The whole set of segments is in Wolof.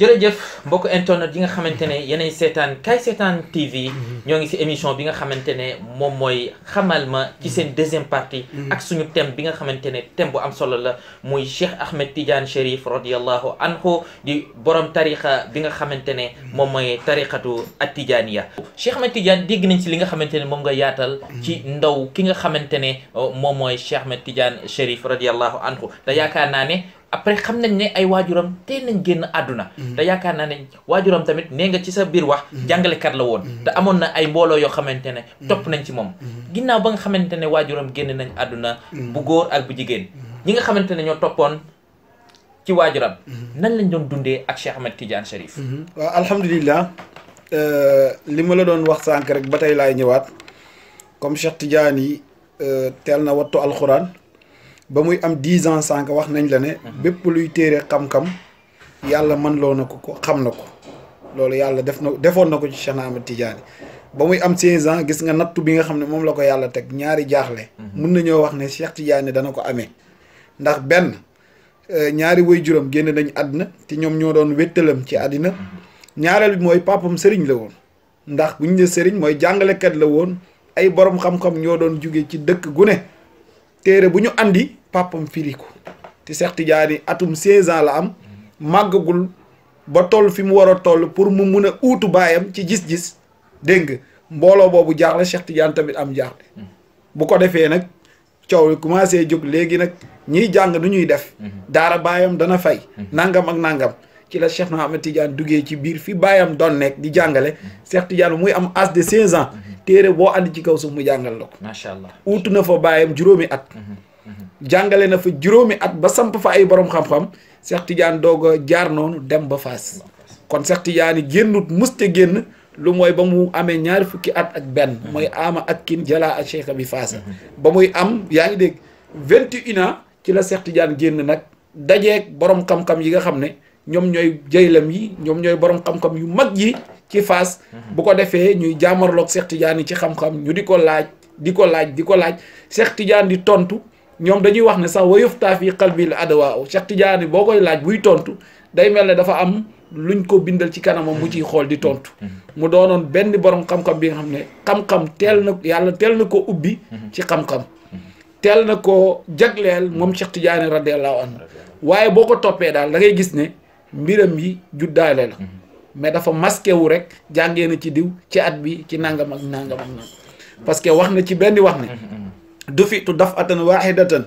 jërëjëf mbokk internet yi nga xamante ne yeneen seetaan kay seetaan TV mhm. ñoo ngi si émission bi nga xamante ne moom mooy xamal ma ci seen mhm. deuxième partie mhm. ak suñu thème bi nga xamante ne thème bu am solo la muy Cheikh Ahmed Tidiane Chérif radiallahu anhu di borom tarixa bi nga xamante ne moom mooy tarixatu at Tijaaniya Cheikh Ahmed Tidiane dégg ci li nga xamante ne moom nga yaatal ci ndaw ki nga xamante ne moom mooy Cheikh ma Tidiane Chérif radiallahu anhu te yaakaar naa ne après xam nañ ne ay waajuram tey nañ génn àdduna mhm. te yaakaar naa ne waajuram tamit nee nga ci sa biir wax mhm. jàngalekat la woon mhm. te amoon na ay mbooloo yoo xamante ne topp nañ ci moom ginnaaw ba nga xamante ne waajuram génn nañ àdduna bu góor ak bu jigéen ñi nga xamante ne ñoo toppoon ci waajuram nañ lañ doon dundee ak Cheikh Ahmed Tidiane waa waaw alhamdulilah euh, li ma la doon wax sànq rek ba tey laay ñëwaat comme Cheikh Tidiane yi euh, teel na wattu alxuraan ba muy am dix ans sànq wax nañ la ne mhm. bépp luy téere xam-xam yàlla mën loo na ko ko xam na ko loolu yàlla def na defoon na ko ci Cheikh Ahmed Tidiane ba muy am seize ans gis nga nattu bi nga xam ne moom la ko yàlla teg ñaari jaaxle mhm. mun nañoo wax ne Cheikh Tidiane dana ko amee ndax benn euh, ñaari way juróom génn nañu àddina te ñoom ñoo doon wéttalam ci àddina mhm. ñaareel bi mooy papam sëriñ la woon ndax bu ñu ne sëriñ mooy jàngalekat la woon ay borom xam-xam ñoo doon jóge ci dëkk gu ne téere bu ñu andi papam firiku te Cheikh Tidiane atum 16 ans la am màggagul ba toll fi mu war a toll pour mu mun a uutu baayam ci gis-gis dégg nga mbooloo boobu jaaxle Cheikh Tidiane tamit am jaaxle mm. bu ko defee nag coow li commencer jóg léegi nag ñiy jàng nu ñuy def mm-hmm. daara baayam dana fay mm-hmm. nangam ak nangam ci la na am Ahmed Tidiane duggee ci biir fi baayam doon nekk di jàngale mm-hmm. Cheikh Tidiane muy am âge de 16 téere boo andi ci kaw suuf mu jàngal la ko macha allah uutu na fa baayam juróomi at jàngale na fa juróomi at ba samp fa ay borom xam-xam Cheikh Tidiane doog jaar noonu dem ba Fass kon Cheikh Tidiane génnut muste génn lu mooy ba mu amee ñaari fukki at ak benn mooy ama ak kin jalaa ak cheikh bi Fass ba muy am yaa ngi dégg vingt et ci la Cheikh génn nag dajeeg borom xam yi nga xam ne ñoom ñooy jaylam yi ñoom ñooy borom xam yu mag yi ci Fass bu ko defee ñuy jaamarloog Cheikh yi ci xam-xam ñu di ko laaj di ko laaj di ko laaj Cheikh Tidiane di tontu ñoom dañuy wax ne sax wayuftaa fi qalbi l adawaaw Cheikh Tidiane boo koy laaj buy tontu day mel ne dafa am luñ ko bindal ci kanamam mu ciy xool di tontu. Mm-hmm. mu doonoon benn borom xam-xam bi nga xam ne xam teel na yàlla teel na ko ubbi. Mm-hmm. ci xam-xam. Mm-hmm. teel na ko jagleel moom Cheikh Tidiane radiyallahu anhu waaye boo ko toppee daal da ngay gis ne mbiram yi juddaale la. mais dafa masqué wu rek jàngee na ci diw ci at bi ci nangam ak nangam ak parce que wax na ci benn wax ne. dufitu dafatan waxidatan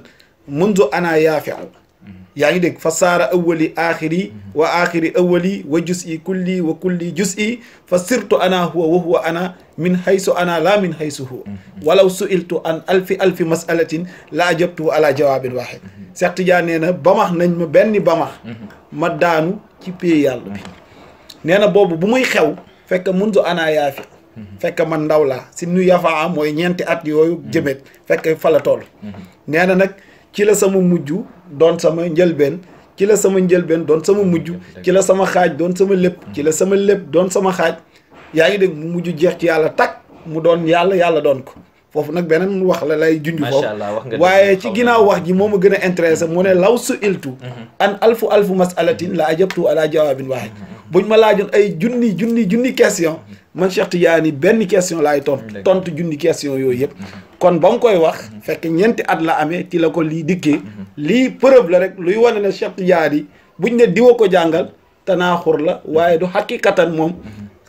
mundu ana yaafiu mhm. yaa ngi dégg fa saara awali mhm. wa axiri awali wa jus i kulli wa kulli jus i fa sirtu ana huwa wa huwa ana min haysu ana la min haysu huwa mhm. walaw suiltu an alfi alfi masalatin la ajabtu ala jawaabin waxid Cheikh Tidiane nee na bamax nañ ma benn bamax ma daanu ci pay yàlla boobu bu muy xew fekk mundu ana yaafi Mhm. fekk man ndaw laa si nu yafaa mooy ñeenti at yooyu mhm. jëmeet fekk fa la tool mhm. nee na nag ci la sama mujj doon sama njëlbeen ci la sama njëlbeen doon sama mujj ci la sama xaaj doon sama lépp ci la sama lépp doon sama xaaj yaa ngi dégg mu mujj jeex ci yàlla takk mu doon yàlla yàlla doon ko foofu nag beneen wax la lay junj foofu waaye ci ginnaaw wax ji moom a gën a intéressé mu ne law su iltu an alfu alfu masalatin la ajabtu ala jawaabin waahid buñ ma laajoon ay junni junni junni question man Cheikh yi benn question laay tontu mm, tontu junni question yooyu yëpp mm-hmm. kon ba mu koy wax fekk ñeenti at la amee ci la ko lii dikkee mm-hmm. lii preuve la rek luy wane ne Cheikh bu ñu ne diwa ko jàngal tanaaxur la mm-hmm. waaye du xaqiqatan moom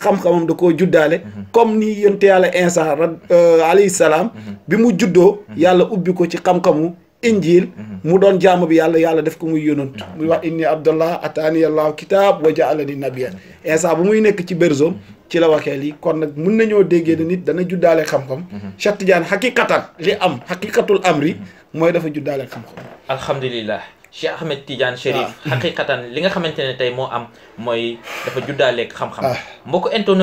xam-xamam da koo juddaale comme ni yonte yàlla Insa euh, alayhi salaam bi mu juddoo yàlla ubbi ko ci xam-xamu injil mhm. mu doon jaamu bi yàlla yàlla def ko muy yonant mhm. muy wax inni abdallah ataani allahu kitaab wa jaalani nabiyan mhm. insa bu muy nekk ci berzoom ci la waxee lii kon nag mun nañoo déggee dana juddaale xam-xam Cheikh Tidiane xaqiqatan li am xaqiqatul amri mooy dafa juddaale xam-xam ah. li nga xamante ne tey moo am mooy dafa juddaaleeg xam ah.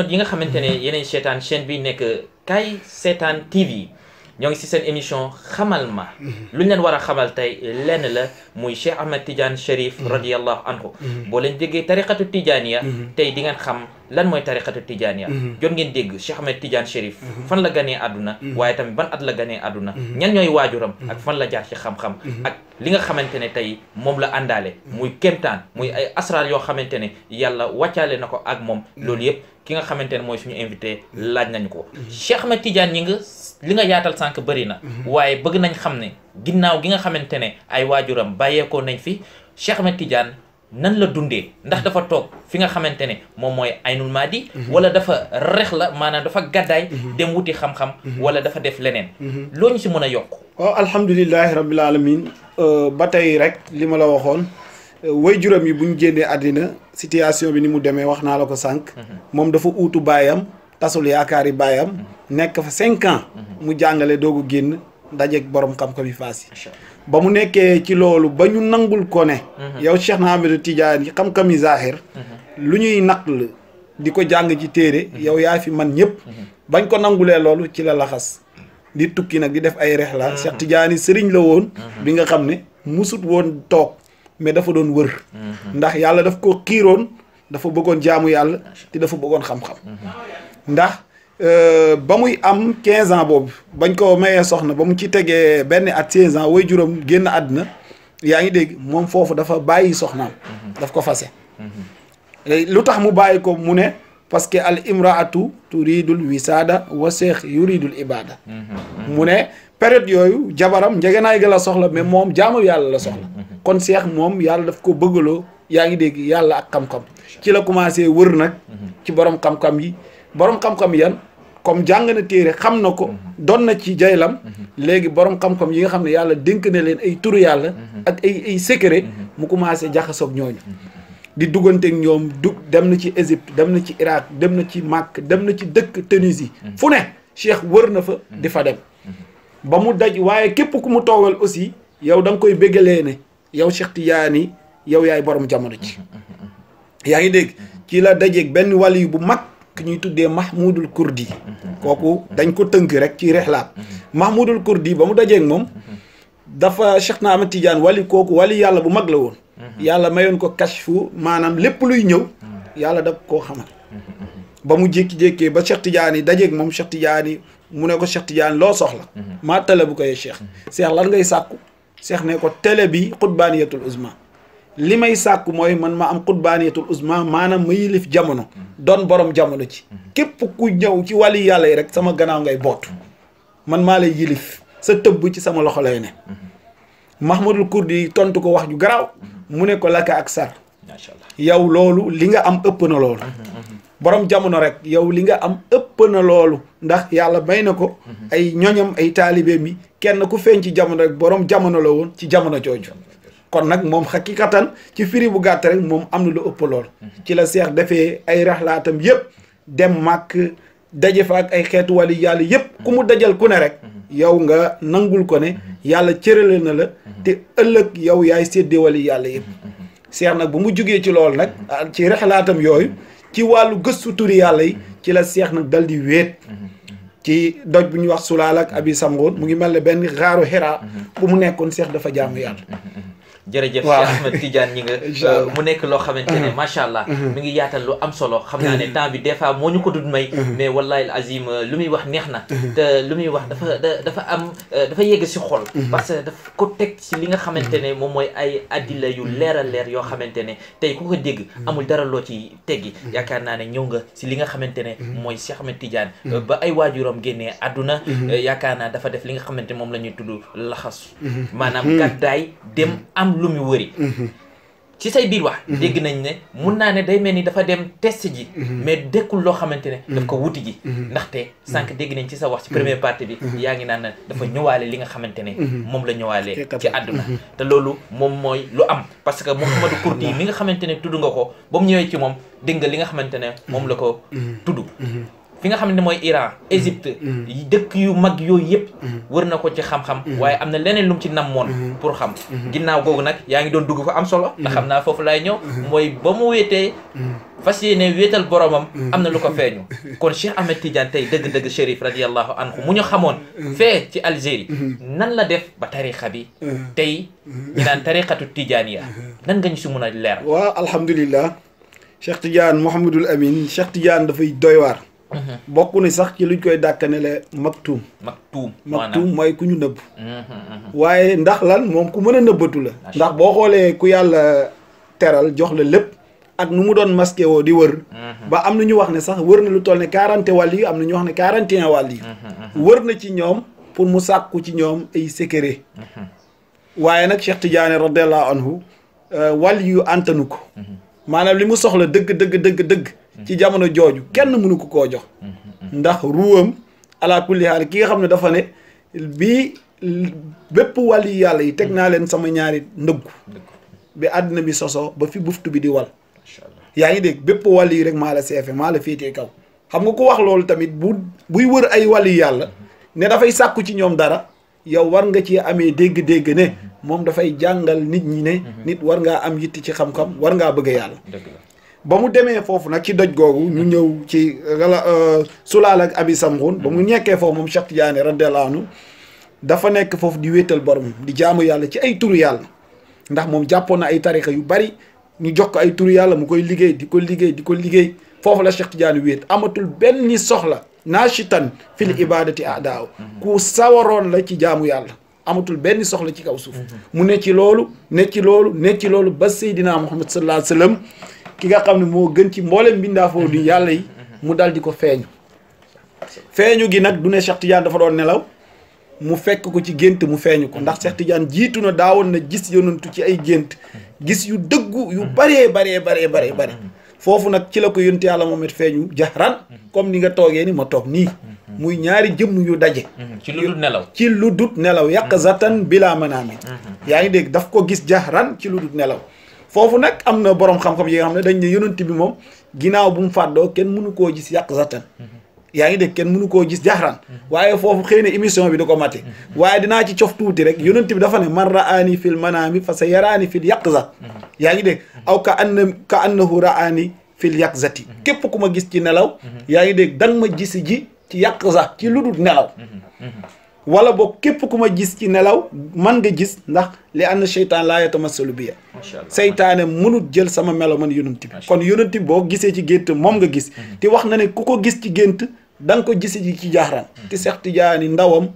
yi nga xamante ne yeneen seetaan chaîne bi nekk Kaay Seetaan TV ñoo ngi ci seen émission xamal ma lu ñu leen war a xamal tey lenn la muy Cheikh Ahmed Tidiane Chérif mm-hmm. radiallahu anhu mm-hmm. boo leen déggee tariqatu tijaaniya mm-hmm. tey di ngeen xam lan mooy tariqatu tijaaniya mhm. jot ngeen dégg Cheikh Ahmed Tidiane Chérif mhm. fan la ganee àdduna mhm. waaye tamit ban at la ganee àdduna ñan ñooy waajuram ak fan la jaar ci xam-xam ak li nga xamante ne tey moom la àndaale muy kemtaan muy ay asraal yoo xamante ne yàlla wàccaale na ko ak moom loolu yëpp ki nga xamante ne mooy suñu invité laaj nañu ko Cheikh Ahmed Tidiane ñi nga li nga yaatal sànq bëri na waaye bëgg nañ xam ne ginnaaw gi nga xamante ne ay waajuram bàyyeekoo nañ fi Cheikh Ahmed Tidiane nan la dundee ndax dafa toog fi nga xamante ne moom mooy aynul maadi wala dafa rex la maanaam dafa gàddaay dem wuti xam-xam wala dafa def leneen loo ñu si mën a yokk waaw alhamdulilahi rabbil alamin euh, ba tey rek li ma la waxoon euh, way juróom yi bu ñu génnee àddina situation bi ni mu demee wax naa la ko sànq mhm. moom dafa uutu baayam tasul yaakaar yi baayam nekk fa cinq ans mhm. mu jàngale doogu génn dajeeg borom xam-xam yi faas yi ba mu nekkee ci loolu ba ñu nangul ko ne mhm. yow Cheikh na Ahmadou Tidiane yi xam-xam yi zahir mhm. lu ñuy naql di ko jàng ci téere mhm. yow yaa fi man ñëpp bañ ko nangulee loolu ci la laxas di tukki nag di def ay rexla Cheikh Tidiane sëriñ la woon bi nga xam ne musut woon toog mais dafa doon wër ndax yàlla daf ko xiiroon dafa bëggoon jaamu yàlla te dafa bëggoon xam-xam ndax Euh, ba muy am quinze ans boobu bañ ko mayee soxna ba mu ci tegee benn at 16 ans way juróom génn àdduna yaa ngi dégg moom foofu dafa bàyyi soxnaam. Mhm. daf ko fase mhm. lu tax mu bàyyi ko mu ne parce que al imraatu turidul wisaada wa seex yuridul ibaada mhm, mu ne période yooyu jabaram naa ga la soxla mais moom jaamu yàlla la soxla kon seex moom yàlla daf ko bëggaloo yaa ngi dégg yàlla ak xam-xam ci la commencé wër nag ci borom xam-xam yi boroom xam-xam yan comme jàng na téere xam na ko mhm. doon na ci jaylam mhm. léegi borom xam-xam yi nga xam ne yàlla dénk ne leen ay turu yàlla mhm. ak ay ay secret mu commencé jaxasoog ñooñu di dugganteeg ñoom dug dem na ci Égypte dem na ci Irak dem na ci Màkk dem na ci dëkk Tunisie fu ne Cheikh wër na fa di fa dem ba mu daj waaye képp ku mu toogal aussi yow da koy béggalee ne yow Cheikh Tidiane yow yaay borom jamono ci yaa ngi dégg ci la dajeeg benn walli bu mag ki ñuy tuddee Mahmoudul Kurdi mhm. kooku dañ ko tënk rek ci rexlaat mhm. Mahmoudul Kurdi ba mu dajeeg moom mhm. dafa Cheikh na Ahmed Tidiane wali kooku wali yàlla bu mag la woon yàlla mayoon ko kashfu maanaam lépp luy ñëw yàlla daf koo xamal ba mu jékki-jékkee ba Cheikh Tidiane yi dajeeg moom Cheikh Tidiane mu ne ko Cheikh Tidiane loo soxla maa tala bu koy Cheikh Cheikh lan ngay sàkku Cheikh ne ko télé bi xutbaaniyatul uzma li may sàkku mooy man ma am xutbaaniyatul usma maanaam ma yilif jamono doon borom jamono ci képp ku ñëw ci wàlli yàlla yi rek sama gannaaw ngay boot man maa lay yilif sa tëbb ci sama loxo lay ne mahmadul kurdi tontu ko wax ju garaaw mu ne ko laka ak sar yow loolu li nga am ëpp na loolu mhm, mhm. borom jamono rek yow li nga am ëpp na loolu ndax yàlla may na ko mhm. ay ñoñam ay taalibeem yi kenn ku feeñ ci jamono rek borom jamono la woon ci jamono jooju kon nag moom xaqiqatan ci firi bu gàtt rek moom am na lu ëpp lool. Mhm. ci la seex defee ay raxlaatam yëpp dem màkk daje fa ak ay xeetu wali yàlla yëpp. ku mu mhm. dajal ku ne rek. Mhm. yow nga nangul ko ne yàlla cërale na la te ëllëg yow yaay séddee wali yàlla yëpp. seex nag bu mu jógee ci lool nag ah, ci raxlaatam yooyu ci wàllu gëstu turi yàlla yi ci la seex nag dal di wéet. ci doj bu ñu wax sulaal ak abi samgoon mu ngi mel ne benn xaaru xeraa bu mu nekkoon seex dafa jaamu yàlla. jërëjëf Cheikh Ahmed Tidiane ñi nga euh, mu nekk loo xamante ne uh-huh. macha allah uh-huh. mi ngi yaatal lu am solo xam naa ne uh-huh. temps bi des fois moo ñu ko dud may mais wallahi al euh, lu muy wax neex na te lu muy wax dafa dafa am euh, dafa yegg si xol parce que daf ko teg si li nga xamante ne moom mooy ay addila yu leer a leer yoo xamante ne tey ku dégg amul dara loo ci teggi yaakaar naa ne ñëw nga si li nga xamante ne mooy Cheikh Ahmed Tidiane ba ay waajuram génnee àdduna yaakaar naa dafa def li nga xamante ne moom la ñuy tudd laxas maanaam gàddaay dem am lu mu wëri mhm. ci say biir wax mhm. dégg nañ ne mun naa ne day mel ni dafa dem test ji mhm. mais dekkul loo xamante ne daf ko wuti ji ndaxte sànq dégg nañ ci sa wax ci première partie bi yaa ngi naan dafa ñëwaale li nga xamante ne moom la ñëwaale ci àdduna te loolu moom mooy lu am parce que Mouhamadou Kourdi mi nga xamante ne tudd nga ko ba mu ñëwee ci moom dégg nga li nga xamante ne moom la ko tudd fi nga xam ne mooy Iran Égypte mm. Mm. dëkk yu mag yooyu yëpp mm. wër na ko ci xam-xam waaye am na leneen lu mu ci namoon pour xam ginnaaw googu nag yaa ngi doon dugg fa am solo na xam naa foofu laay ñëw mooy ba mu wéetee fas yéene wéetal boromam am na lu ko feeñu kon Cheikh Ahmed Tidiane tey dëgg-dëgg Chérif radiallahu anhu mu ñu xamoon fee ci Algérie nan la def ba tarixa bi tey ñu naan tarixatu Tijaaniya nan nga ñu si mun a leer waaw alhamdulillah Cheikh Tidiane Mouhamadul Amin Cheikh Tidiane dafay doy waar Uh-huh. bokk ni sax ci luñ koy dàkkanele maktuum maktuum maktuum mooy ku ñu nëbb uh-huh, uh-huh. waaye ndax lan moom ku mën a nëbbatu la ndax boo xoolee ku yàlla teral jox la lépp ak nu mu doon masqué woo di wër ba am na ñu wax ne sax wër na lu toll ne quarante wàll yi am na ñu wax ne quarante et un wàll yi wër na ci ñoom pour mu sàkku ci ñoom ay secret waaye nag Cheikh Tidiane radiallahu anhu euh, wàll yu antanu ko maanaam li mu soxla dëgg dëgg dëgg dëgg ci jamono jooju kenn mënu ko koo jox ndax ruwam ala kulli ki nga xam ne dafa ne bi bépp wàllu yàlla yi teg naa leen sama ñaari ndëggu bi àddina bi sosoo ba fi buftu bi di wal yaa ngi dégg bépp wàll yi rek maa la seefe maa la féetee kaw xam nga ku wax loolu tamit bu buy wër ay wàll yi yàlla ne dafay sàkku ci ñoom dara yow war nga ci amee dégg-dégg ne mm-hmm. moom dafay jàngal nit ñi ne mm-hmm. nit war ngaa am yitti ci xam-xam war ngaa bëgg yàlla ba mu demee foofu nag ci doj googu ñu ñëw ci rela euh, sulaal ak abi samxun ba mu nekkee mm-hmm. foofu moom Cheikh Tidiane radiyallahu anhu dafa nekk foofu di wéetal borom di jaamu yàlla ci ay turu yàlla ndax moom jàppoon na ay tarixa yu bari ñu jox ko ay turu yàlla mu koy liggéey di ko liggéey di ko liggéey foofu la Cheikh Tidiane wéet amatul benn soxla naa nachitan fil mm-hmm. ibadati adaaw mm-hmm. ku sawaroon la ci jaamu yàlla amatul benn soxla ci kaw suuf mu ne ci loolu ne ci loolu ne ci loolu ba Seydina Muhammad sallallahu ki nga xam ne moo gën ci mboole mbindaafoo di yàlla yi mu dal di ko feeñu feeñu gi nag du ne Cheikh Tidiane dafa doon nelaw mu fekk ko ci gént mu feeñu ko ndax Cheikh Tidiane jiitu na daawoon na gis yonantu ci ay gént gis yu dëggu yu baree baree baree baree bare foofu nag ci la ko yonent yàlla moom it feeñu jaxran comme ni nga toogee ni ma toog nii muy ñaari jëmm yu daje ci lu dut nelaw ci lu dut nelaw yàq zatan bila manaamin yaa ngi dégg daf ko gis jaxran ci lu dut nelaw foofu nag am na borom xam-xam yi xam ne dañ ne yonent bi moom ginaaw bu mu fàddoo kenn mënu koo gis yàq zatan mhm. yaa ngi dégg kenn mënu koo gis jaaxran mhm. waaye foofu xëy na émission bi da ko mate mhm. waaye dinaa ci cof tuuti rek yonent bi dafa ne man raani fil manaami fa sa yaraani fil sa yaa ngi dégg aw ka anna ka annahu raani fil yaqzati képp ku ma gis ci nelaw yaa ngi dégg dang ma gis ji ci yaqza ci lu ludul nelaw wala boog képp ku ma gis ci nelaw man nga gis ndax li ànd seytaan laa yatamassalu biya seytaane mënut jël sama melo man yonent bi kon yonent bi boo gisee ci gént moom nga gis mhm. te wax na ne ku ko gis ci gént da nga ko gis ci jaaxraan mhm. te Seex Tijaani ndawam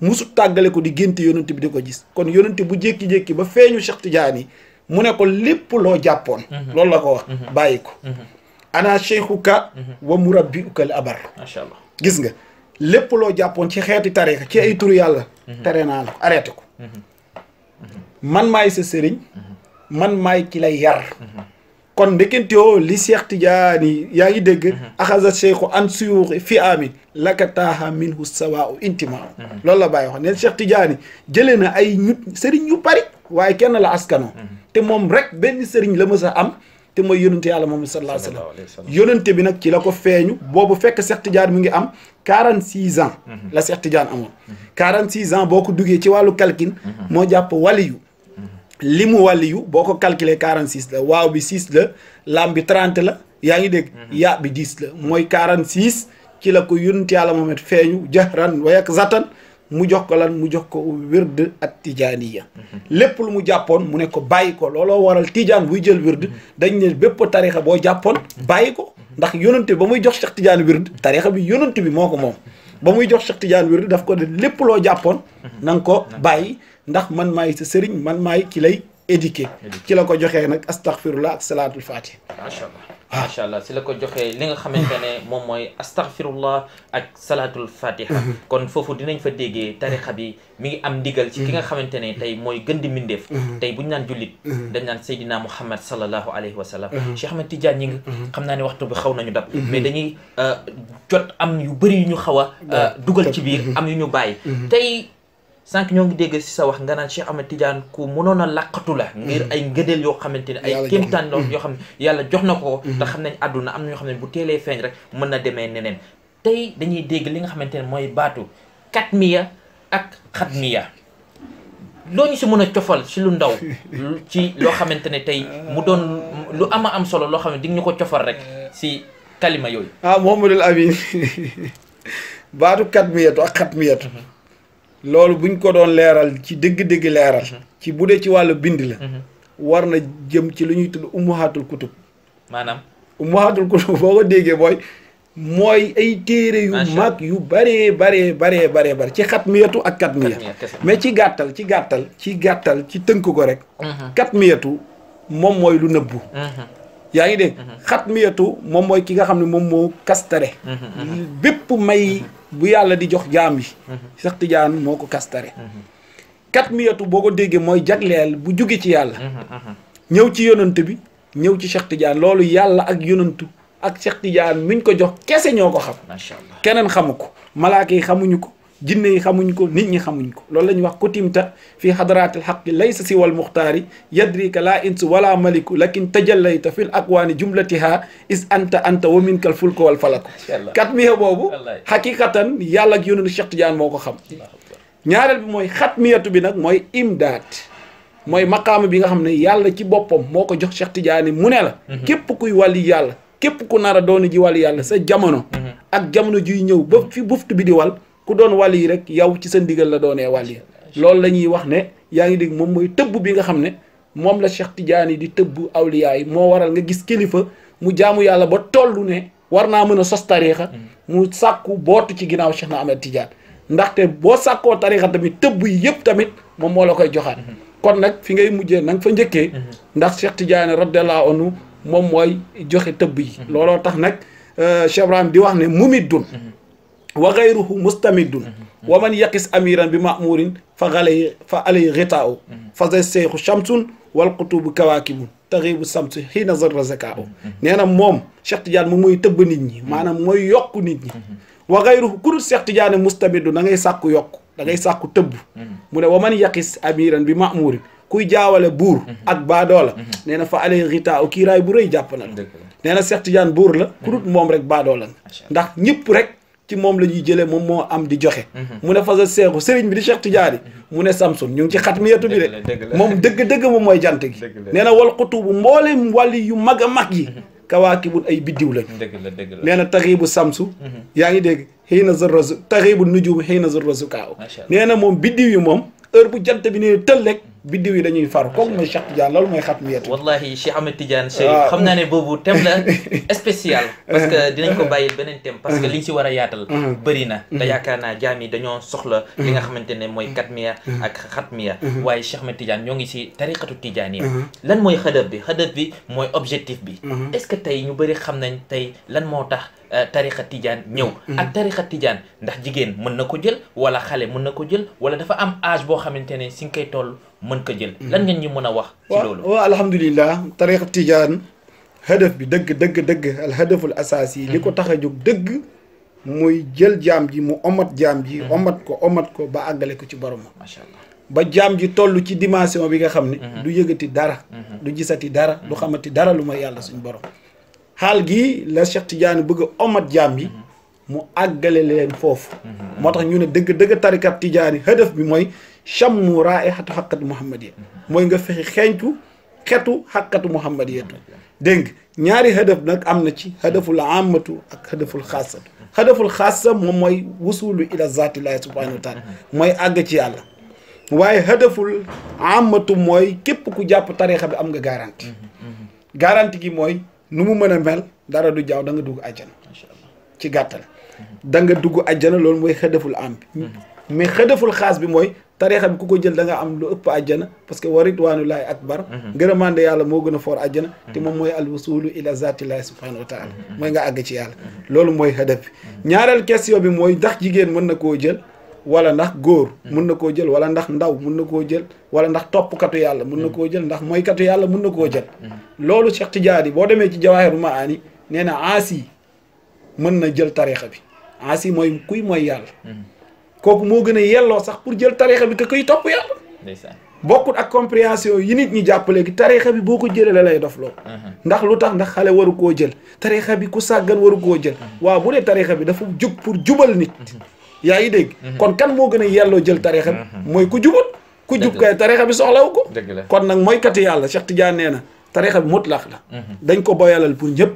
musu tàggale ko di gént yonent bi di ko gis kon yonent bu jékki-jékki ba feeñu Seex Tijaani mu ne ko lépp loo jàppoon mhm. loolu la ko wax bàyyi ko ana cheikhuka wa murabbiuka al abar gis nga lépp loo jàppoon ci xeeti tarixa ci ay turu yàlla mhm. tere naa la ko arrêté ko mhm. Mhm. man maay sa sëriñ man maay ki lay yar kon ndekentewoo li Cheikh Tidiane yaa ngi dégg axasa cheikhu an suyuuxi fi amin laka taaha minhu sawa u intima loolu la bàyyi wax neen Cheikh Tidiane jëlee na ay ñu sëriñ yu pari waaye kenn la askanoo te moom rek benn sëriñ la mës a am te mooy yonente yàlla moom sallallahu alayhi wa sallam yonente bi nag ci la ko feeñu boobu fekk Cheikh Tidiane mu ngi am 46 ans mhm. la Cheikh Tidiane amoon 46 mhm. ans boo ko duggee ci wàllu calcul mhm. moo jàpp waliyu li mu waliyu boo ko calculer 46 la waaw bi 6 la laam bi 30 la yaa ngi dégg yaa bi 10 la mooy 46 ci la ko yonente yàlla moom feeñu jahran wayak zatan mu jox ko lan mu jox ko wird at tijaaniya lépp lu mu jàppoon mu ne ko bàyyi ko looloo waral tijaan buy jël wird dañ ne bépp tarixa boo jàppoon bàyyi ko ndax yonante ba muy jox Cheikh Tidiane wird tarixa bi yonante bi moo ko moom ba muy jox Cheikh Tidiane wird daf ko ne lépp loo jàppoon na nga ko bàyyi ndax man maay sa sëriñ man maay ki lay éduqué ci la ko joxee nag astaghfirullah ak salaatul fatih macha allah si la ko joxee li nga xamante ne moom mooy astaghfirullah ak salaatul fatiha mm-hmm. kon foofu dinañ fa déggee tarixa bi mi ngi am ndigal ci nga mm-hmm. xamante ne tey mooy gën di mindeef mm-hmm. tey buñu naan jullit dañ naan Seydina Muhammad sallallahu alayhi wa sallam Cheikh Ahmed Tidiane ñi ngi xam naa ne waxtu bi xaw nañu dab mais dañuy euh, jot am yu bëri yu ñu xaw a euh, dugal ci biir am yu ñu bàyyi sànq ñoo ngi dégg si sa wax nga naan Cheikh Ahmed Tidiane ku mënoon a làqatu la mm. ngir ay ngëneel yoo xamante ne ay kéemtaan yoo xam ne jox na ko mm. te xam nañ àdduna am na xam ne bu teelee feeñ rek mën na demee neneen tey dañuy dégg li nga xamante ne mooy baatu katmiya ak xatmiya loo ñu mën a cofal si lu ndaw ci loo xamante ne tey mu doon lu ama am solo loo xam ne di ñu ko cofal rek si kalima yooyu ah Mouhamadul Amin baatu loolu buñ ko doon leeral ci dëgg-dëgg leeral mhm. ci bu dee ci wàllu bind la mhm. war na jëm ci lu ñuy tudd ummahatul kutub maanaam ummahatul kutub boo ko déggee booy mooy ay téere yu mag yu baree baree baree baree bare ci xatmiyatu ak katmiya mais ci gàttal ci gàttal ci gàttal ci tënk ko rek mhm. katmiyatu moom mooy lu nëbbu yaa ngi dégg. Mhm. xatmiyatu moom mooy ki nga xam ne moom moo kastare. Mhm, mhm. bépp may bu yàlla di jox jaam yi. Cheikh Tidiane moo ko kastare. katmiyatu boo ko déggee mooy jagleel bu jóge ci yàlla. ñëw ci yonant bi ñëw ci Cheikh Tidiane loolu yàlla ak yonantu ak Cheikh Tidiane miñ ko jox kese ñoo ko xam. keneen xamu ko malaaka yi xamuñu ko. jinne yi xamuñ ko nit ñi xamuñ ko loolu la ñuy wax kutimta fi xadaraatil xaqi laysa si wal muxtaari yadrika laa insu wala maliku lakin tajallayta fil akwaani jumlatiha is anta anta wa minkal fulko wal falaku kat miya boobu xaqiqatan yàlla ak yonenu Cheikh moo ko xam ñaareel bi mooy xat miyatu bi nag mooy imdaad mooy maqaama bi nga xam ne yàlla ci boppam moo ko jox Cheikh Tidiane mu ne la mhm. képp kuy wàlli yàlla képp ku nar a doon ji wàlli yàlla sa jamono mhm. jamono juy ñëw ba ku doon wàlli yi rek yow ci sa ndigal la doonee wàlli loolu la ñuy wax ne yaa ngi dégg moom mooy tëbb bi nga xam ne moom la Cheikh Tidiane di tëbb awliyaa yi moo waral nga gis kilifa mu jaamu yàlla ba tollu ne war naa mën a sos tariixa mm. mu sàkku bootu ci ginnaaw Cheikh na Ahmed Tidiane ndaxte boo sàkkoo tariixa tamit tëbb yi yëpp tamit moom moo la koy joxaat mm-hmm. kon nag fi ngay mujjee na nga fa njëkkee mm-hmm. ndax Cheikh Tidiane radiyallahu anhu moom mooy joxe tëbb yi mm-hmm. looloo tax nag euh, Cheikh Ibrahim di wax ne mu dun wa gayruhu mustamidun mhm. wa man yaqis amiran bi mamurin fa alay fa alay rita u mhm. fa zay seyxu shamsun wal qutubu kawaakibun taxibu samsu xiina zarra zaka u mhm. nee na moom Cheikh Tidiane moom mooy tëbb nit ñi maanaam mooy yokku nit ñi wa gayruhu ku dul Cheikh Tidiane mustamidun da ngay yokk dangay ngay sàkku mu ne wa man yaqis amiran bi mamurin kuy jaawale buur ak baadoola nee na fa alay rita u kiiraay bu rëy jàpp la nee na Cheikh Tidiane buur la ku moom rek baadoola ndax ñëpp rek ci moom la ñuy jëlee moom moo am di joxe. Mhm. mu ne Fasa Seexu Serigne bi di Cheikh Tidiane mhm. mu ne Samson ñu ngi ci xatmiyatu bi de. moom dëgg-dëgg moom mooy jant gi. nee na wal xutubu mbooleem wàlli yu mag a mag yi. Mhm. kawaakibul ay biddiw lañu. dëgg la dëgg la nee na taxiibu Samsu. yaa ngi dégg xëy na zër rasu taxiibu nujum xëy na zër rasu kaaw. nee na moom biddiw yi moom heure bu jant bi nee tël rek. biddiw yi dañuy faru kooku mooy Cheikh Tidiane loolu mooy xatmiyatu wallahi Cheikh Ahmed Tidiane Chérif xam naa ne boobu thème la spécial parce que dinañ ko bàyyil beneen thème parce que uh-huh. liñ si war a yaatal uh-huh. bëri na te uh-huh. yaakaar naa jaam yi dañoo soxla li nga xamante ne mooy katmiya ak xatmiya waaye Cheikh Ahmed Tidiane ñoo ngi si tariqatu Tidiane yi lan mooy xadab bi xadab bi mooy objectif bi est-ce tey ñu bëri xam nañ tey lan moo tax Euh, tarixa tijaan ñëw mm-hmm. ak tarixa tijaan ndax jigéen mën na ko jël wala xale mën na ko jël wala dafa am âge boo xamante ne si nga koy toll mën ko jël mm-hmm. lan ngeen ñu mën a wax ci loolu waaw alhamdulilah tarixa tijaan hadaf bi dëgg dëgg dëgg al hadaful asaasi li ko mm-hmm. tax a jóg dëgg muy jël jaam ji mu omat jaam ji omat ko omat ko ba àggale ko ci borom macha allah ba jaam ji toll ci dimension bi nga xam ne du yëgati dara du gisati dara du xamati dara lu may yàlla suñ borom xaal gi la Cheikh Tidiane bëgg omat jaam yi mhm. mu àggale leen foofu mhm. moo tax ñu ne dëgg dëgg tarikat Tidiane hëdëf bi mooy chammu raihatu xaqatu muhammadiya mhm. mooy nga fexe xeeñtu xetu xaqatu muhammadiyatu dégg ñaari hëdëf nag am na ci hëdëful amatu ak hëdëful xaasatu xadaful xaasa moom mooy wusulu ila zaatillahi subhanahu wa mooy àgg ci yàlla waaye xadaful amatu mooy képp ku jàpp tarixa bi am nga garanti garanti gi mooy nu mu mën a mel dara du jaaw da nga dugg àjjana ci gàttal da nga dugg àjjana loolu mooy xëdëful am bi mhm. mais xëdëful xaas bi mooy tarixa bi ku ko jël da nga am lu ëpp àjjana parce que wa ridwanullahi akbar mhm. ngërëmande yàlla moo gën a foor àjjana te mhm. moom mooy al wasulu ila zatillahi subhanahu wa mooy nga àgg ci yàlla loolu mooy xëdëf bi ñaareel question bi mooy ndax jigéen mën na koo jël wala ndax góor hmm. mun na koo jël wala ndax ndaw mun na koo jël wala ndax toppkatu yàlla mun na hmm. koo jël ndax mooykatu yàlla mun na koo jël hmm. loolu Cheikh Tidiane boo demee ci jawaahiru maani nee na aasi mën na jël tarixa bi aasi mooy kuy mooy yàlla kooku moo gën a yelloo sax pour jël tarixa bi que kuy topp yàlla bokkut ak compréhension yi nit ñi jàpp léegi tarixa bi boo ko jëlee la lay dof loo ndax lu tax ndax xale waru koo jël tarixa bi ku sàggan waru koo jël waaw bu dee tarixa bi dafa jug pour jubal nit yaa ngi dégg. Mhm. kon kan moo gën a yàlloo jël tarixa bi. Mhm. mooy ku jubut ku jub kay tarixa bi soxlawu ko. kon nag mooy kati yàlla Cheikh Tidiane nee na tarixa bi mutlaq la. Mhm. dañ ko boyalal pour ñëpp.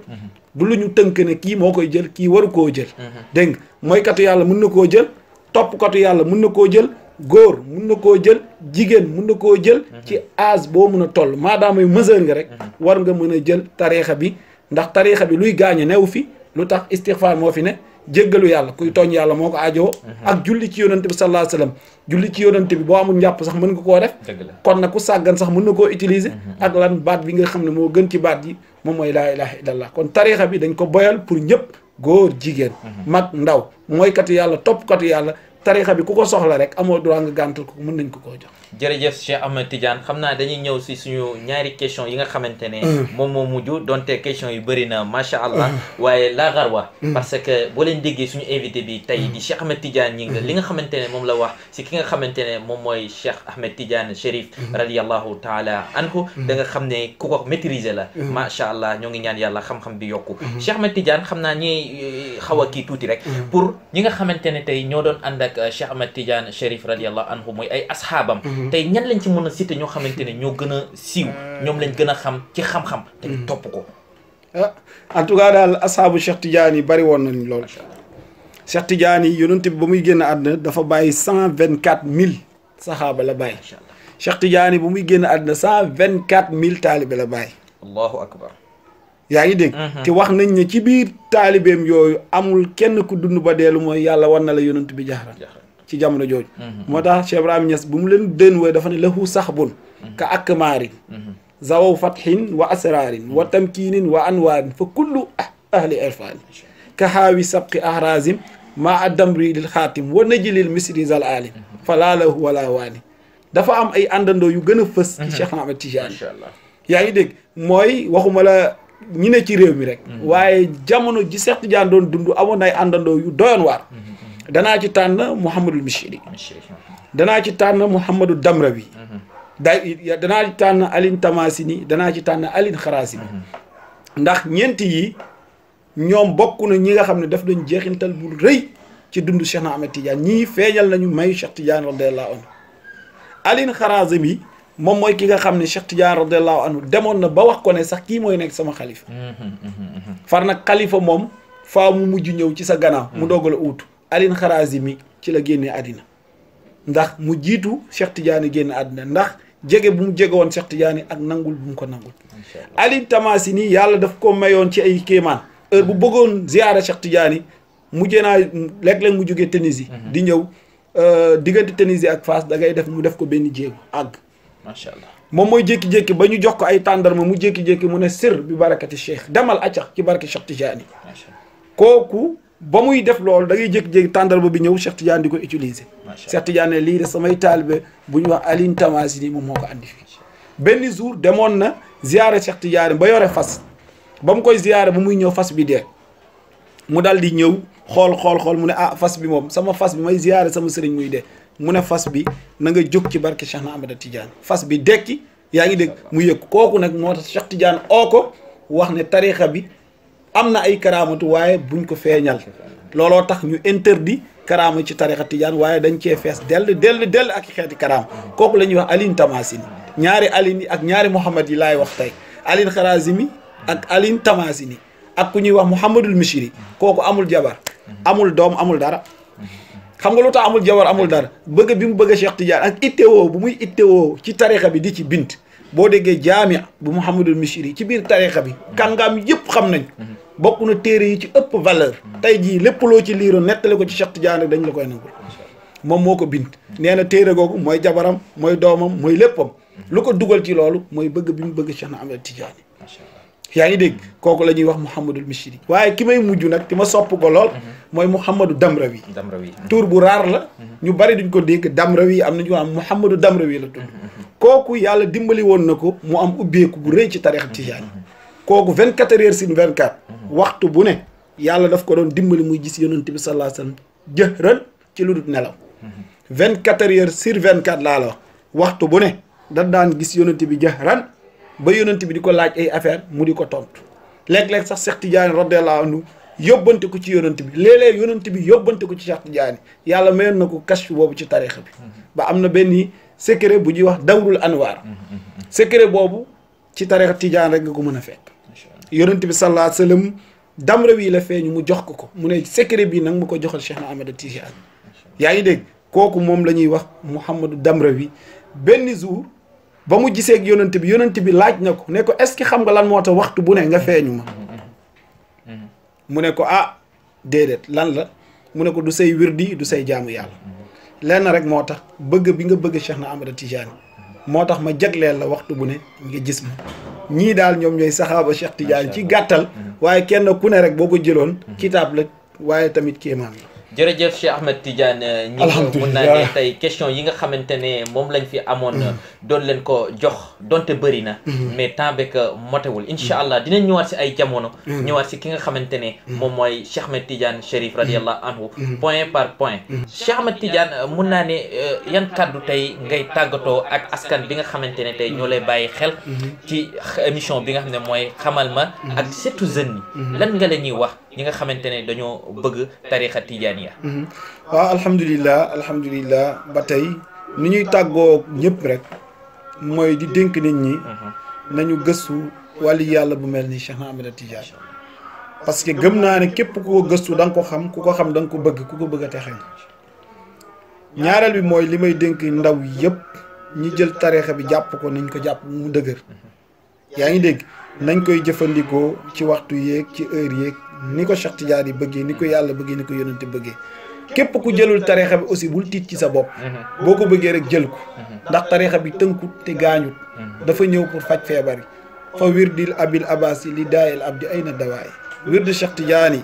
du lu ñu tënk ne kii moo koy jël kii waru koo jël. dégg nga mooy yàlla mun na koo jël topp yàlla mun na koo jël. góor mun na koo jël jigéen mun na koo jël ci ase boo mun a toll maadaamay mesure nga rek war nga mën a jël tariixa bi ndax tariixa bi luy gaañe new fi lu tax istixfaar moo fi ne jéggalu yàlla kuy tooñ yàlla moo ko ajoo mhm. ak julli ci yoonante bi sallallahu alayhi wasallam julli ci yonante bi boo amul njàpp sax mën nga koo def kon na ku sàggan sax mën na koo utiliser mhm. ak lan baat bi nga xam ne moo gën ci baat yi moom mooy laa ilaha illallah kon tarixa bi dañ ko boyal pour ñëpp góor jigéen mhm. mag ndaw mooy yàlla topp katu yàlla tarixa bi ku ko soxla rek amoo droit nga gàntal ko mën nañ ko koo jox. jërëjëf Cheikh Ahmed Tidiane xam naa dañuy ñëw si suñu ñaari question yi nga xamante ne. Mm. moom moo mujj donte question yu bëri na macha allah. Mm. waaye la garwa mm. parce que boo leen déggee suñu invité bi tey di Cheikh Ahmed Tidiane ñi nga mm-hmm. li nga xamante ne moom la wax si ki nga xamante ne moom mooy Cheikh Ahmed Tidiane Chérif. Mm-hmm. radiyallahu taala anhu mm-hmm. da nga xam ne ku ko maîtriser la. macha allah ñoo ngi ñaan yàlla xam-xam bi yokku. Cheikh Ahmed Tidiane xam naa ñi eh, xaw a kii tuuti rek. pour ñi nga xamante ne ñoo doon ànd ak euh, Cheikh Ahmed Tidiane Chérif radiallahu anhu muy ay asxaabam mhm. tey ñan lañ ci mën a cité ñoo xamante ne ñoo gën a siiw euh. ñoom lañ gën a xam ci xam-xam te mhm. topp ko ah en tout cas daal asxaabu Cheikh Tidiane yi bari woon nañ lool Cheikh Tidiane yi yonent bi ba muy génn àdduna dafa bàyyi cent vingt quatre mille saxaaba la bàyyi Cheikh Tidiane yi ba muy génn àdduna cent vingt quatre mille taalibe la bàyyi allahu akbar yaa ngi dégg mhm. te wax nañ ne ci biir taalibeem yooyu amul kenn ku dund ba deelu mooy yàlla war na la yonent bi jaxran ci jamono jooju mhm. moo tax Cheikh Ibrahima Niass bu mu leen dën wooy dafa ne lahu saxbun mhm. ka ak maarin zawaw fathin wa asrarin wa tamkinin wa anwaarin fa kullu ah, ahli irfan ka xaawi sabqi ahrazim ma addamri lil xaatim wa najlil misri zal alim falaa lahu wala waani dafa am ay àndandoo yu gën a fës ci Cheikh Ahmad Tidiane yaa mooy waxuma ñi ne ci réew mi rek. Mm-hmm. waaye jamono ji Cheikh Tidiane doon dund amoon ay àndandoo yu doyoon waar. Mm-hmm. danaa ci tànn Mouhamadul Michiri. danaa ci tànn Mouhamadou Damrawi. Mm-hmm. day danaa ci tànn Aline Tamasini danaa ci tànn Aline Xarasimi. ndax ñeenti yi ñoom bokk na ñi nga xam ne def doon jeexintal bu rëy ci dundu Cheikh Ahmed Tidiane ñii feeñal nañu mayu Cheikh Tidiane radiyallahu anhu Aline Xarasimi moom mooy ki nga xam ne Cheikh Tidiane radiallahu anu demoon na ba wax ko ne sax kii mooy nekk sama xalifa mm-hmm, mm-hmm, mm-hmm. far nag xalifa moom faa mu mujj ñëw ci sa gannaaw mu mm. doog la uutu Aline Kharaazimi ci la génnee àddina ndax mu jiitu Cheikh génn àddina ndax jege bu mu jege woon Cheikh Tidiane ak nangul bu mu ko nangul Aline Tamasini yàlla daf ko mayoon ci ay kéemaan heure bu bëggoon ziyaara Cheikh Tidiane mujjee naa léeg-léeg mu jógee Tunisie di ñëw euh, diggante Tunisie ak Fass da ngay def mu def ko benn jéego àgg macha allah moom mooy jékki-jékki ba ñu jox ko ay tàndarma mu jékki-jékki mu ne sir bi barakati cheikh demal accax ci barke Cheikh Tidiane. kooku ba muy def loolu da ngay jékki-jékki tàndarma bi ñëw Cheikh Tidiane di ko utiliser. macha allah lii de samay taalibe bu ñu wax Aline Tamasini moom moo ko andi fii. benn jour demoon na ziare Cheikh Tidiane ba yore fas ba mu koy ziare ba muy ñëw fas bi dee mu dal di ñëw xool xool xool mu ne ah fas bi moom sama fas bi may ziare sama sëriñ muy dee mu ne fas bi na nga jóg ci barke Cheikh na Amada Tidiane fas bi dekki yaa ngi dégg mu yëg kooku nag moo tax Cheikh Tidiane oo ko wax ne tarixa bi am na ay karaamatu waaye buñ ko feeñal looloo tax ñu interdit karaama ci tarixa Tidiane waaye dañ cee fees dell dell dell ak xeeti karaama kooku lañuy ñuy wax Aline Tamasini ñaari Aline yi ak ñaari Mouhamad yi laay wax tey Aline Kharazimi ak Aline ni ak ku ñuy wax Mouhamadul Michiri kooku amul jabar amul doom amul dara xam nga lu tax amul jawar amul dara bëgg bi mu bëgg Cheikh Tidiane ak ittewoo bu muy ittewoo ci tarixa bi di ci bint boo déggee jaamia bu mu Mouhamadul Mishri ci biir tarixa bi kàngaam yëpp xam nañ bokk na téere yi ci ëpp valeur tey jii lépp loo ci liiroon nettali ko ci Cheikh Tidiane rek dañ la ko nangul moom moo ko bint nee na téere googu mooy jabaram mooy doomam mooy léppam lu ko dugal ci loolu mooy bëgg bi mu bëgg Cheikh na Ahmed Tidiane yaa ngi dégg kooku la ñuy wax Mouhamadul Michiri waaye ki may mujj nag ti ma sopp ko lool mhm. mooy Mouhamadou Damrawi Damrawi mhm. tur bu raar la mhm. ñu bari duñ ko dégg Damrawi am na ñu ko am Mouhamadou Damrawi la tudd kooku yàlla dimbali woon na ko mu am ubbeeku bu rëy ci tarixa Tijaan kooku 24 heures sur 24 waxtu bu ne yàlla daf ko doon dimbali muy gis yonent bi sallallahu alayhi wasallam jëhran ci lu dul nelaw 24 heures sur 24 laa la wax waxtu bu ne da daan gis yonent bi jëhran ba yonent bi di ko laaj ay affaire mu di ko tontu léeg-léeg sax Cheikh Tidiane radiyallahu anhu yóbbante ko ci yonent bi léeg-léeg yonent bi yóbbante ko ci Cheikh Tidiane yàlla mayoon na ko kashf boobu ci tarixa bi ba am na benn secret bu ñuy wax dawrul anwaar secret boobu ci tarixa Tidiane rek nga ko mën a fekk yonent bi sallallahu alayhi wasallam damra wi la feeñu mu jox ko ko mu ne secret bii nag mu ko joxal Cheikh na Ahmada Tidiane yaa ngi dégg kooku moom la ñuy wax Mouhamadou damra wi benn jour ba mu gisee ak yonent bi yonante bi laaj na ko ne ko est-ce que xam nga lan moo tax waxtu bu ne nga feeñu ma mu ne ko ah déedéet lan la mu ne ko du say di du say jaamu yàlla lenn rek moo tax bëgg bi nga bëgg Cheikh na Ahmada Tidiane moo tax ma jagleel la waxtu bu ne nga gis ma ñii daal ñoom ñooy saxaaba Cheikh Tidiane ci gàttal mm-hmm. waaye kenn ku ne rek boo ko jëloon kitaab la waaye tamit kéemaan la jërëjëf Cheikh Ahmed Tidiane euh, ñi mun naa ne tey question yi nga xamante ne moom lañ fi amoon euh, doon leen ko jox donte bëri na mhm. mais temps bek euh, motewul incha mhm. allah dina ñëwaat si ay jamono mhm. ñëwaat si ki nga xamante ne moom mooy Cheikh Ahmed Tidiane Chérif radiallahu anhu point par point Cheikh Ahmed Tidiane mun naa ne yan kàddu tey ngay tàggatoo ak askan bi nga xamante ne tey ñoo lay bàyyi xel ci émission bi nga xam ne mooy xamal ma ak surtout jeunes yi lan nga leen ñuy wax ñi nga xamante ne dañoo bëgg tarixa tijaaniya mhm. waaw alhamdulilah alhamdulilah ba tey ni ñuy tàggoo ñëpp rek mooy di dénk nit ñi mhm. nañu gëstu wàllu yàlla bu mel ni Cheikh Ahmed Tidiane parce que gëm naa ne képp ku ko gëstu danga ko xam ku ko xam da nga ko bëgg ku ko bëgg a texeñ ñaareel bi mooy li may dénk ndaw yëpp ñi jël tarixa bi jàpp ko nañ ko jàpp mu dëgër mhm. yaa ngi dégg nañ koy jëfandikoo ci waxtu yéeg ci heure yéeg ni ko Cheikh Tidiane yi bëggee ni ko yàlla bëggee ni ko yonente bëggee képp ku jëlul tarixa bi aussi bul tiit ci sa bopp mhm. boo ko bëggee rek jël ko mhm. ndax tarixa bi tënkut te gaañut mhm. dafa ñëw pour faj feebar yi fa wirdil abil abbas yi li daayil di ay na dawaay wirdu Cheikh Tidiane yi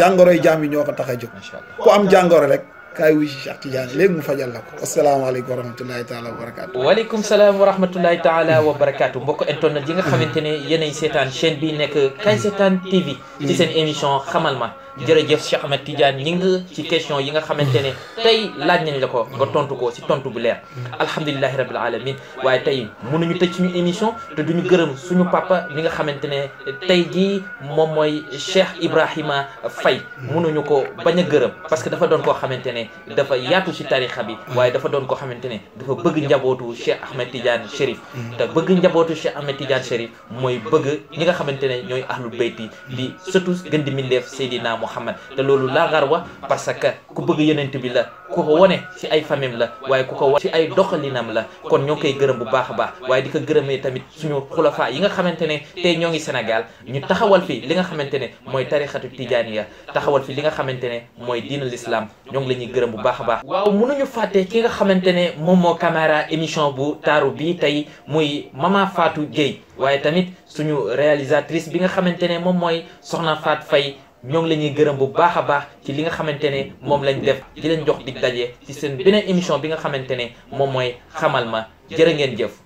jàngoroy jaam yi ñoo ko tax a jóg ku am jàngoro rek kaay wu si Cheikh Tidiane léegi mu fajal la ko asalaamaaleykum wa rahmatulahi taala wa barakaatu. waaleykum salaam wa rahmatulahi taala wa barakaatu mbokk internet yi nga xamante ne yéenay seetaan chaîne bi nekk Kaay Seetaan TV. ci seen émission xamal ma. jërëjëf Cheikh Ahmed Tidiane ñi ngi ci question yi nga xamante ne tey laaj nañ la ko nga tontu ko si tontu bu leer alhamdulilahi rabil alamin waaye tey mënuñu tëj suñu émission te duñu gërëm suñu papa mi nga xamante ne tey jii moom mooy Cheikh Ibrahima Faye mënuñu ko bañ a gërëm parce que dafa doon koo xamante ne dafa yaatu si tarixa bi waaye dafa doon koo xamante ne dafa bëgg njabootu Cheikh Ahmed Tidiane Chérif te bëgg njabootu Cheikh Ahmed Tidiane mooy bëgg ñi nga xamante ne ñooy ahlul bayt yi di surtout gën di mindeef Seydina Muhammad te loolu laa garwa parce que ku bëgg yenent bi la ku ko wone ci ay famim la waaye ku ko wone ci ay doxalinam la kon ñoo ngi koy gërëm bu baax a baax di ko gërëmee tamit suñu xulafa yi nga xamante ne ñoo ngi Sénégal ñu taxawal fi li nga xamante ne mooy tarixatu tijaaniya taxawal fi li nga xamante ne mooy diina l'islam ñoo la ñuy gërëm bu baax a baax waaw mënuñu fàtte ki nga xamante ne moom moo caméra émission bu taaru bii tey muy Mama faatu Gueye waaye tamit suñu réalisatrice bi nga xamante ne moom mooy soxna Fatou Faye ñoom la ñuy gërëm bu baax a baax ci li nga xamante ne moom lañ def di leen jox dig daje ci seen beneen émission bi nga xamante ne moom mooy xamal ma jërë ngeen jëf